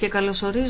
και καλωσορίζω